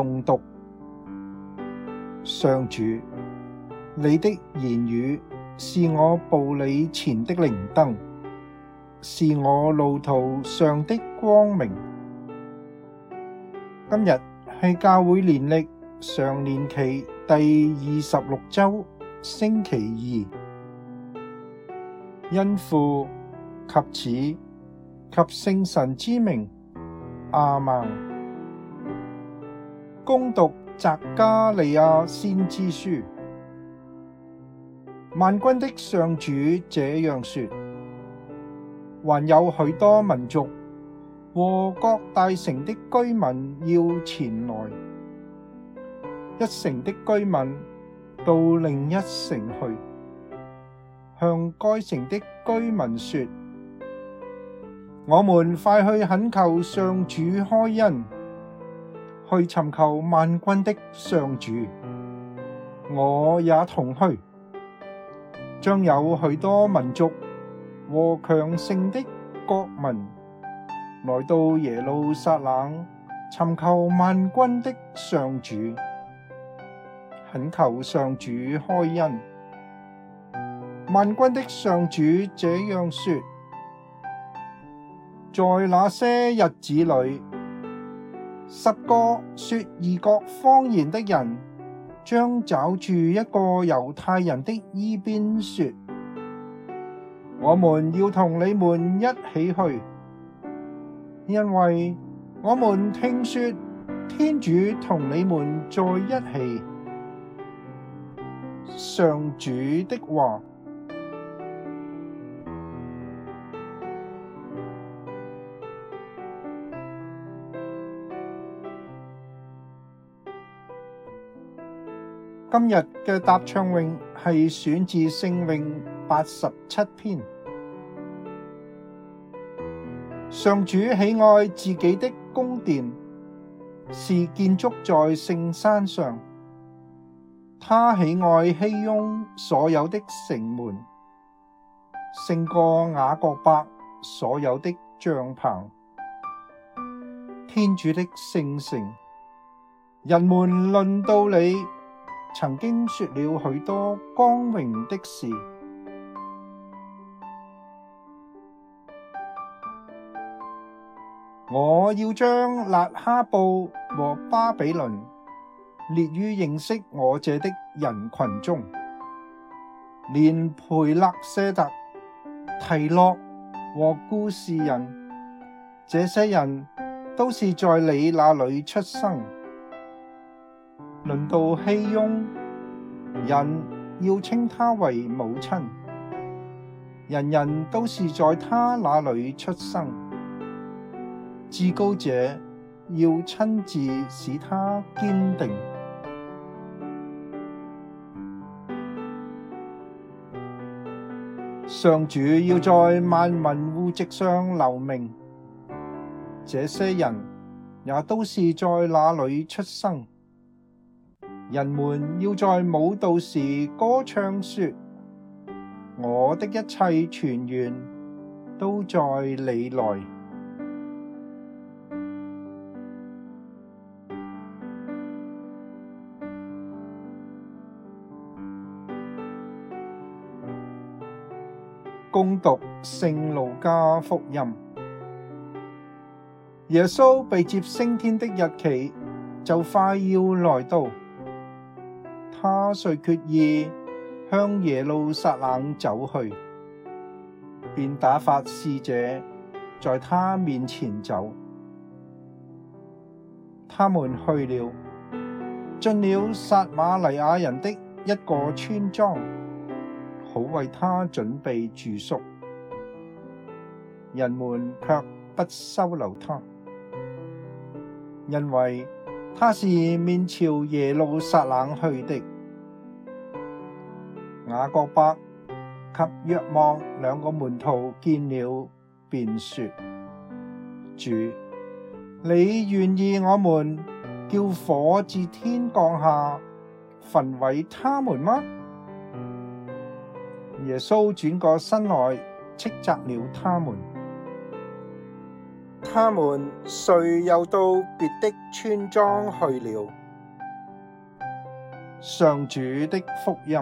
誦讀上主，你的言語是我步履前的靈燈，是我路途上的光明。今日係教會年曆常年期第二十六周星期二，因父及子及聖神之名，阿們。攻讀《匝加利亞先知書》，萬軍的上主這樣說：「還有許多民族和各大城的居民要前來，一城的居民到另一城去，向該城的居民說：我們快去懇求上主開恩。去尋求萬軍的上主，我也同去。將有許多民族和強盛的國民，來到耶路撒冷，尋求萬軍的上主，懇求上主開恩。萬軍的上主這樣說：在那些日子裏，十個說異國方言的人，將抓住一個猶太人的衣邊說：我們要同你們一起去，因為我們聽說天主同你們在一起。上主的話。今日嘅搭唱泳係選自聖詠八十七篇。上主喜愛自己的宮殿，是建築在聖山上。他喜愛熙翁所有的城門，勝過雅各伯所有的帳篷。天主的聖城，人們輪到你。曾經說了許多光榮的事，我要將辣哈布和巴比倫列於認識我者的人群中，連培肋舍特、提洛和僱士人，這些人都是在你那裏出生。論到熙雍，人要稱她為母親。人人都是在她那裏出生。至高者要親自使她堅定。上主要在萬民戶籍上留名，這些人也都是在那裏出生。人們要在舞蹈時歌唱，説：我的一切泉源都在你內。恭讀聖路加福音，耶穌被接升天的日期就快要來到。遂決意向耶路撒冷走去，便打發使者在他面前走。他們去了，進了撒瑪黎雅人的一個村莊，好為他準備住宿。人們却不收留他，因為他是面朝耶路撒冷去的。雅各伯及若望兩個門徒見了，便說：主，你願意我們叫火自天降下，焚毀他們嗎？耶穌轉過身來斥責了他們。他們遂又到別的村莊去了。上主的福音。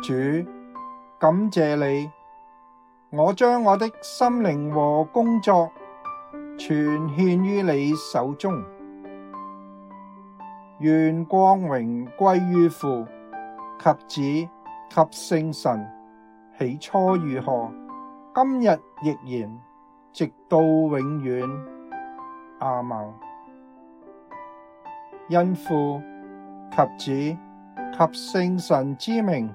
主感謝你，我將我的心靈和工作全獻於你手中，願光榮歸於父及子及聖神，起初如何，今日亦然，直到永遠。阿們。因父及子及聖神之名。